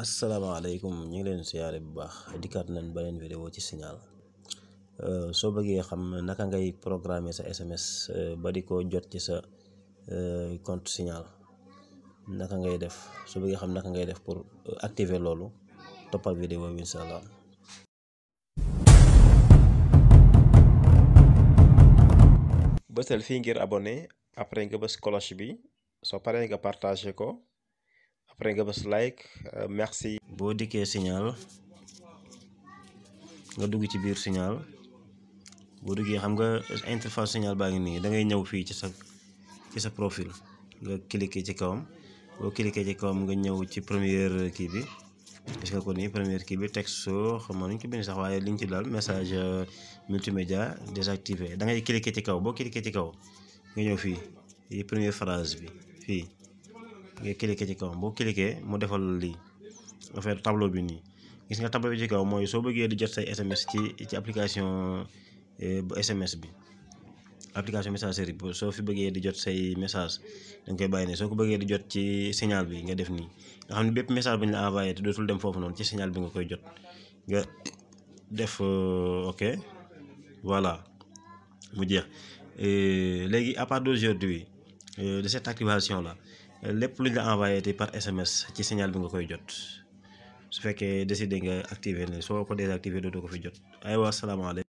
asalaamaaleykum ñu ngi leen siyaare bu baax dikkaat nañ leen vidéo ci signal euh, soo bëggee xam naka ngay programmer sa SMS euh, ba di ko jot ci sa euh, compte signal naka ngay def soo bëggee xam naka ngay def pour activer loolu toppal vidéo bi incha allah. bësal fii ngir abonné après nga bës cloche bi soo paree nga partagé ko. après nga bës like euh, merci. boo dikkee signal nga dugg ci biir signal boo duggee xam nga interface signal baa ngi nii da ngay ñëw fii ci sa ci sa profil nga cliquer ci kawam boo cliquer ci kawam nga ñëw ci première kii bi gis nga ko nii première kii bi texto xam nga nu ñu ko sax waaye liñ ci daal message euh, multimédia désactivé da ngay cliquer ci kaw boo cliquer ci kaw nga ñëw fii première phrase bi fii. nga cliquer ci kaw boo cliquer mu defal lii affaire tableau bi nii gis nga tableau bi ci kaw mooy soo bëggee di jot say SMS ci ci application eh, bu SMS bi application messagerie bi soo fi bëggee di jot say message da nga koy bàyyi ne soo ko bëggee di jot ci signal bi nga def nii nga xam ne bépp message bu la envoyé te dootul dem foofu noonu ci signal bi nga koy jot nga def euh, ok voilà mu jeex léegi à part d'aujourd'hui euh, de cette activation là lépp lu ñu la envoyé ti par SMS ci signal bi nga koy jot su fekkee décidé nga activer ne soo ko désactiver dootoo ko fi jot aywa salaamaaleykum